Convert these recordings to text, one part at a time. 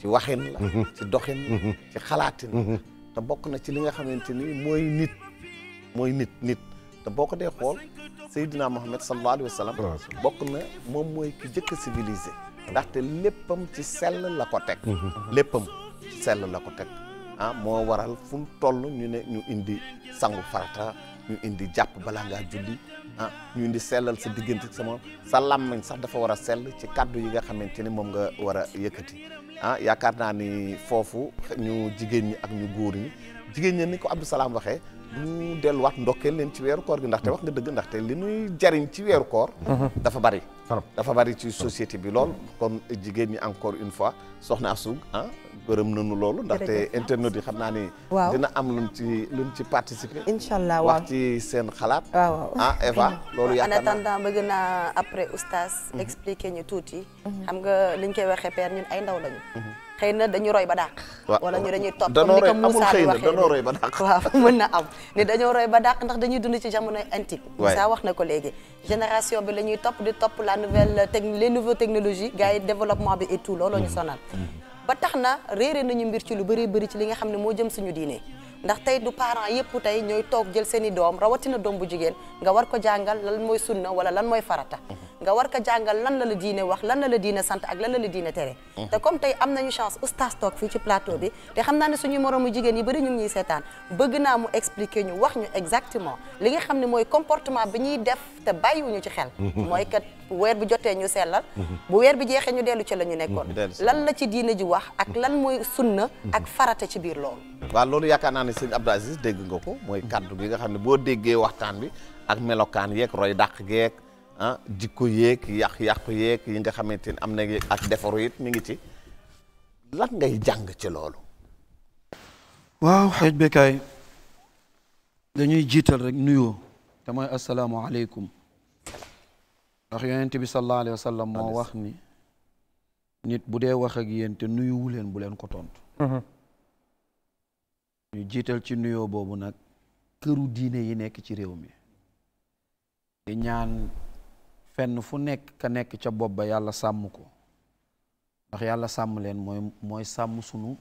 ci waxin la mhm. ci doxin la mhm. ci xalaatin la mhm. bokk na ci li nga xamante ni mooy nit mooy nit nit te boo ko dee xool Seydina Muhammad sallallahu alayhi wa sallam bokk na moom mooy ki jëkk a civilisé ndaxte léppam ci sell la ko teg léppam ci sell la ko teg ah, moo waral fu mu toll ne ñu indi sangu farata ñu indi jàpp balaa ngaa julli ah ñu indi sellal sa diggante sama sa làmmiñ sax dafa war a sell ci kàddu yi nga xamante ni moom nga war a yëkkati ah yaakaar naa ni foofu ñu jigéen ñi ak ñu góor ñi jigéen ñi ni ko Abdou Salaam waxee ñu delluwaat ndokkeel leen ci weeru koor gi ndaxte wax nga dëgg ndaxte li ñuy jariñ ci weeru koor mhm. dafa bari dafa bari ci société bi lool kon jigéen ñi encore une fois soxna Asug ah gërëm nañu loolu ndaxte internet yi xam naa ni waaw dina am luñ ci luñ ci participer incha allah wax ci seen xalaat waaw ah Eva loolu yaakaar naa en attendant bëgg naa après oustaz mhm. expliquer ñu tuuti mhm. xam nga liñ koy waxee père ñun ay ndaw lañu mhm. xëy na dañu roy ba dàq wala ñu dañuy topp comme ni ko Moussa di ba dàq waaw na am ne dañoo roy ba dàq ndax dañuy dund ci jamono antique Moussa wax na ko léegi génération bi la ñuy topp di topp la nouvelle les nouvelles technologie gars yi développement bi et tout looloo ñu sonal ba tax na réere nañu mbir ci lu bëree bëri ci li nga xam ne moo jëm suñu diine ndax tey du parents yëpp tey ñooy toog jël seen i doom rawatina doom bu jigéen nga war ko jàngal lan mooy sunna wala lan mooy farata nga war ko jàngal lan la la diine wax lan la la diine sant ak lan la la diine tere mhm. te comme tey am nañu chance oustaz toog fii ci plateau bi te xam naa ne suñu moroomu jigéen yi bëri ñu ngi ñuy seetaan bëgg naa mu expliquer ñu wax ñu exactement li nga xam ne mooy comportement bi ñuy def te bàyyiwuñu ci xel mhm. mooy kat weer bi jotee ñu sellal mhm. bu weer bi jeexee ñu dellu ci la ñu nekkoon lan la ci diine ji wax ak lan mooy sunna ak farata ci biir loolu waaw loolu yaakaar naa ne sëñ Abdou dégg nga ko mooy kaddu gi nga xam ne boo déggee waxtaan bi ak melokaan yeeg roy dàq geek Ah, jikko yeeg yàq-yàqu yéek yi nga xamante ni am na ak defaru it mi ngi ci lan ngay jàng ci loolu. waaw xëj bekaay dañuy jiital rekk nuyoo te mooy asalaamualeykum ndax yonent bi sallallahu alayhi wa sallam moo wax ni nit bu dee wax ak te nuyuwu leen bu leen ko tontu. Mm-hmm. ñu jiital ci nuyoo boobu nag këru diine yi nekk ci réew mi di ñaan. fenn fu nekk ka nekk ca bopp ba yàlla sàmm ko ndax yàlla sàmm leen mooy sàmm sunu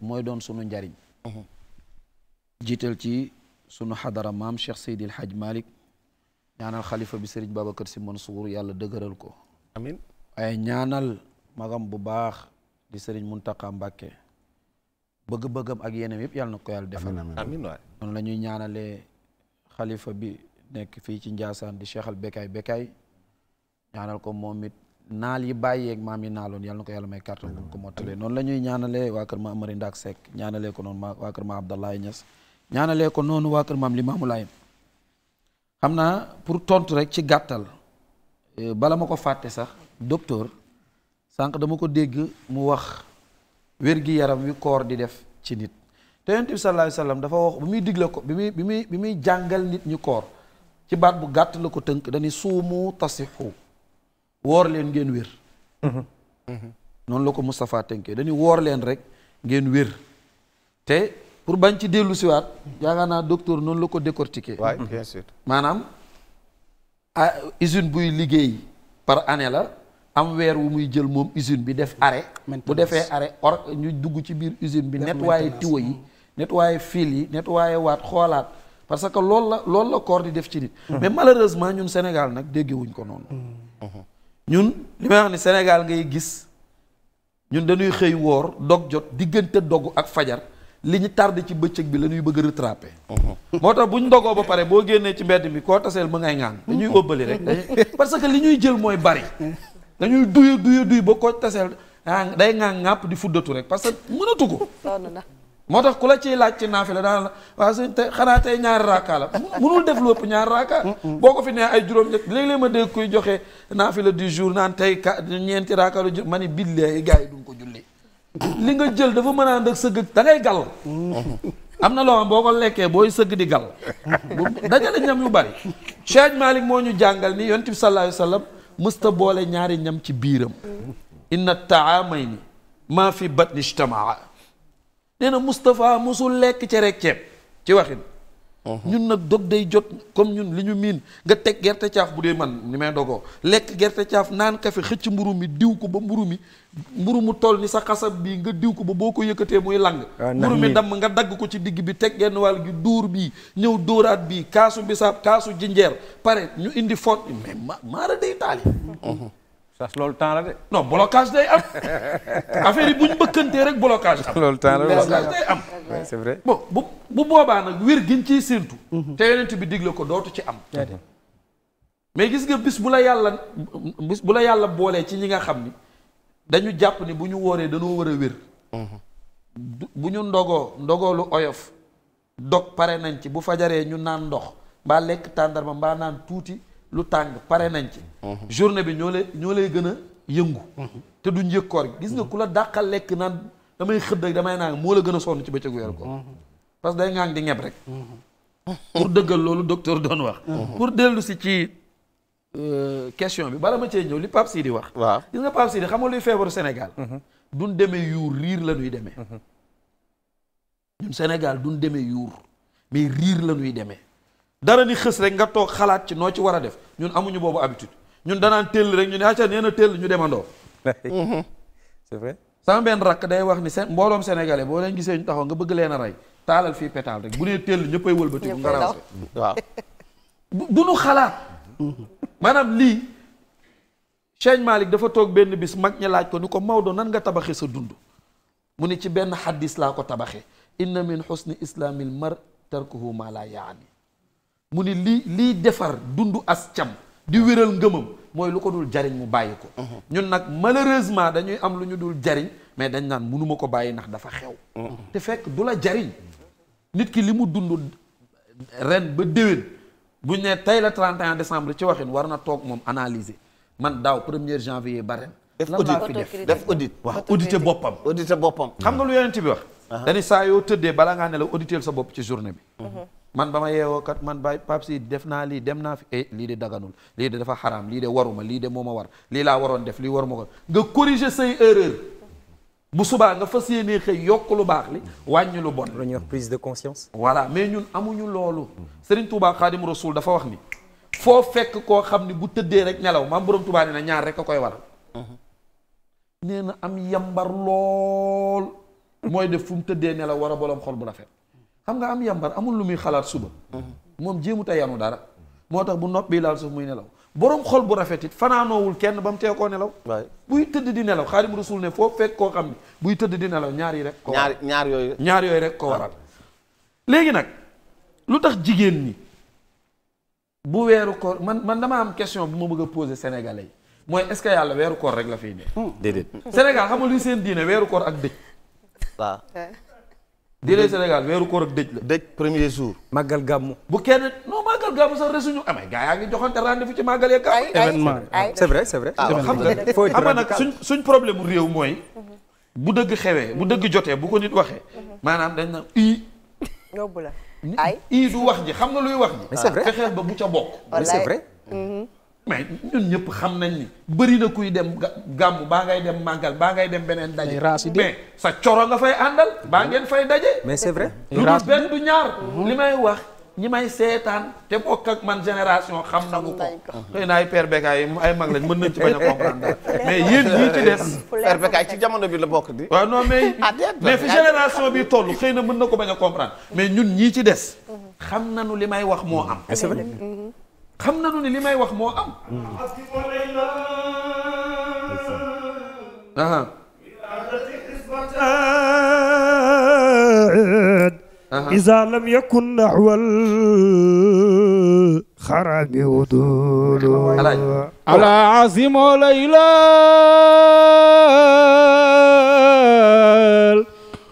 mooy doon sunu njariñ mhm. jiital ci sunu xadara maam Cheikh Seydil Hadj Malick ñaanal xalifa bi Serigne Babacar Sy Mansour yàlla dëgëral ko amin waaye ñaanal magam bu baax di Serigne Mountakha Mbacké bëgg-bëggam ak yeneen yëpp yàlla na ko yàlla defal amin waay noonu xalifa bi nekk fii ci Njaasaan di Cheikh al Bekaay ñaanal ko moom it naal yi bàyyeeg maam yi naaloon yàlla ko yàlla may kàttan bu ko mottalee noonu la ñuy ñaanalee waa kër ma Amari Ndak Seck ñaanalee ko noonu waa kër ma Abdallahi Niass ñaanalee ko noonu waa kër maam Limaamu Laay xam naa pour tontu rek ci gàttal eh, bala ma ko fàtte sax docteur sanq dama ko dégg mu wax wér-gi-yaram wi koor di def ci nit te yonent bi sallallahu dafa wax bi muy digle ko bi muy bi muy bi muy jàngal nit ñi koor ci baat bu gàtt la ko tënk dañuy suumu tasixu woor leen ngeen wér noonu la ko Moustapha tënkee dañuy woor leen rek ngeen wér te pour bañ ci dellu siwaat yaakaar naa docteur noonu la ko décortiquer waay bien sûr maanaam ah usine buy liggéey par année la am weer wu muy jël moom usine bi def arrêt bu defee arrêt ñu dugg ci biir usine bi nettoyé tiwo yi mm. nettoyé fil yi nettoyé waat xoolaat parce que loolu la lool la koor di def ci nit. mais malheureusement ñun Sénégal nag déggewuñ ko noonu. ñun li may wax ni Sénégal ngay gis ñun dañuy xëy woor dog jot diggante dog ak fajar li ñu tardé ci bëccëg bi la ñuy bëgg a rattrapé. moo tax bu ñu dogoo ba pare boo génnee ci mbedd mi koo taseel ba ngay ŋaan dañuy óbbali rek parce que li ñuy jël mooy bari dañuy duya duya duy ba koo taseel ah day ŋaan ŋàpp di fuddatu rek parce que mënatu ko. moo tax ku la ciy laaj ci la daan la waaw sëñ te xanaa tey ñaari raaka la munul def lu ëpp ñaari raaka boo ko fi nee ay juróom ñett léeg-léeg ma dégg kuy joxe la du jour naan tey ka ñeenti raaka lu ma ni billahi gaa yi duñ ko julli li nga jël dafa mën a ànd sëgg dangay ngay gal am na loo xam boo ko lekkee booy sëgg di gal dajale ñam yu bari Cheikh Malick moo ñu jàngal ni yonent bi sallallahu alayhi wa mësta boole ñaari ñam ci biiram inna taamay ni maa fi nee na Moustapha mosul lekk cere ak ceeb ci waxin. Uh-huh. ñun nag dog day jot comme ñun li ñu miin nga teg gerte caaf bu dee man ni may dogoo lekk gerte caaf naan kafe xëcc mburu mi diw ko ba mburu mi mburu mu toll ni sa xasab bi nga diw ko ba boo ko yëkkatee muy lang ah, mburu mi damm nga dagg ko ci digg bi teg genn wàll gi dóor bi ñëw dóoraat bi kaasu bisaab kaasu jinjeer pare ñu indi foot mais maara day taali uh-huh. sas loolu temps la de. non blocage day am affaire yi bu ñu rek blocage am. loolu temps la blocage day am. bo bu boobaa nag wér giñ ciy séentu. Mhm. te yonent bi digle ko dootu ci am. mais gis nga bis bu la yàlla bis bu la yàlla boolee ci ñi nga xam ni dañu jàpp ni bu ñu wooree dañoo war a wér. Mhm. bu ñu ndogoo ndogoo lu oyof dog pare nañ ci bu fajaree ñu naan ndox mbaa lekk tàndarma mbaa naan tuuti. lu tàng pare nañ ci. Mhm. journée bi ñoo lay ñoo lay gën a yëngu. Mhm. te duñ yëg koor gis nga mhm. ku la dàqal lekk naan damay xëdd ak damay naan moo la gën a sonn ci bëccëgu weer ko parce que day ngaan di ñeb rek. pour dëggal loolu docteur doon wax. pour dellu si ci euh, question bi bala ma cee ñëw li Pape di wax. waaw gis nga Pape Sidi xam nga luy feebaru Sénégal. duñ demee yuur riir la ñuy demee. ñun Sénégal duñ demee yuur mais riir la ñuy demee. dara di xës rek nga toog xalaat ci noo ci war a def ñun amuñu boobu habitude ñun danaan teel rek ñu ne acca nee na teel ñu demandoo. c'est sama benn rakk day wax ni seen mbooloom sénégalais boo leen gisee ñu taxaw nga bëgg leen rey taalal fii pétaal rek bu nee teel ñëppay wëlbatiku nga raw waaw du nu xalaat maanaam lii Cheikh Malick dafa toog benn bis mag ñi laaj ko ni ko Maodo nan nga tabaxe sa dund mu ni ci benn xaddis laa ko tabaxee inna min xusni islaamil mar tarkuhu ma la mu ni lii lii defar dundu as cam di wéral ngëmam mooy lu ko dul jariñ mu bàyyi ko uh-huh. ñun nag malheureusement dañuy am lu ñu dul jariñ mais dañ naan mënuma ko bàyyi ndax dafa xew uh-huh. te fekk du la jariñ nit ki li mu dund ren ba déwén buñ ne tey la 31 décembre ci waxin war na toog moom analyser man daaw premier janvier ba ren def audit def def audit waaw audité boppam audité boppam xam nga lu yonent bi wax uh-huh. dañu saa yoo tëddee bala ngaa ne la auditeel sa bopp ci journée bi man ba ma yeewoo kat man bay Pape Sidi def naa lii dem naa fi eh, lii de daganul lii de dafa xaraam lii de waruma lii de moo ma war lii laa waroon def lii waruma ko nga corriger say erreur bu subaa nga fas yéenee xëy yokk lu baax li wàññi lu bon. la ñuy wax prise de conscience. voilà mais ñun amuñu loolu. seriñ Touba Khadim Rasoul dafa wax ni. foo fekk koo xam ni bu tëddee rek nelaw maam borom Touba ne na ñaar rek a koy waral. nee na am yambar lool. mooy def fu mu tëddee nelaw war a bolom xol bu rafet. xam nga am yambar amul lu muy xalaat suba. moom jéemut a yanu dara. moo tax bu noppi laal suuf muy nelaw borom xol bu rafet it fanaanoowul kenn ba mu tee koo nelaw. buy tëdd di nelaw Xaadimu Rasuul ne foo fekk koo xam ne buy tëdd di nelaw ñaar yi rek. ko ñaar yooyu. ñaar yooyu rek ko ah. waral. léegi nag lu tax jigéen ñi bu weeru koor man man dama am question bu ma bëgg a poser sénégalais yi mooy est-ce que yàlla weeru koor rek la fiy ne. Hmm. déedéet Sénégal xam nga seen diine weeru koor ak dëj. délai Sénégal weeru koor ak dëj la. dëj premier jour. màggal gàmmu. bu kenn non màggal gàmmu sax resuñu eh, amee gars yaa ngi joxante rendez-vous ci màggal yeeg gàmmu. événement c'est vrai c'est vrai. Ah, xam nga xam nga nag suñ suñ problème mu réew mooy. bu dëgg xewee bu dëgg jotee bu ko nit waxee. maanaam dañ na i. yóbbu la ay i wax ji xam nga luy wax ji. mais ah, ba bu ca bokk. mais c'est vrai. Mm-hmm. mais ñun ñëpp xam nañ ni bëri na kuy dem gàmmu baa ngay dem màggal baa ngay dem beneen daje. mais sa coro nga fay àndal. baa ngeen fay daje. mais c'est vrai. lu dul benn du ñaar. li may wax ñi may seetaan te bokk ak man génération xam nañu ko. xëy na ay père Bekaay yi ay mag lañ mën nañ ci bañ a comprendre mais yéen ñii ci des. père jamono bi la bokk di. waaw non mais mais fi génération bi xëy na mën na ko bañ a comprendre mais ñun ñii ci des. Mhm. xam nañu li may wax moo am. xam nañu ni li may wax moo am. ah. إذا لم يكن نحو الخراب ودول على عظيم ليلى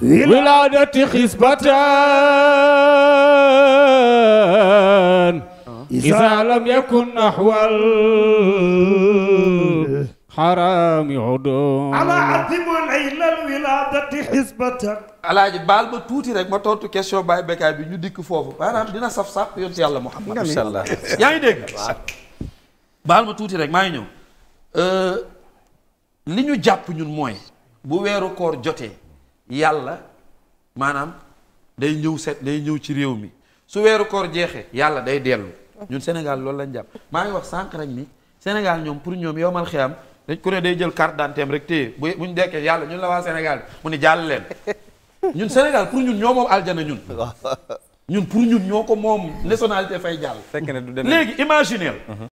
ولادة خصبتان إذا لم يكن نحو الحرام عدو على عظم عين الولادة حسبة alaaji baal ma tuuti rek ma tontu question Baye Bécaye bi ñu dikk foofu maanaam dina saf saf yonent yàlla Muhammad insha allah yaa ngi dégg baal ma tuuti rek maa ngi ñëw euh, li ñu jàpp ñun mooy bu weeru koor jotee yàlla maanaam day ñëw set day ñëw ci réew mi su weeru koor jeexee yàlla day dellu ñun Sénégal loolu lañ jàpp maa ngi wax sànq rek ni Sénégal ñoom pour ñoom yomal xiyam dañ ku ne day jël carte d'identité rek téye bu buñ dekkee yàlla ñun la waa Sénégal mu ni jàll leen ñun Sénégal pour ñun ñoo moom aljana ñun ñun pour ñun ñoo ko moom nationalité fay jàll léegi imaginer mhm.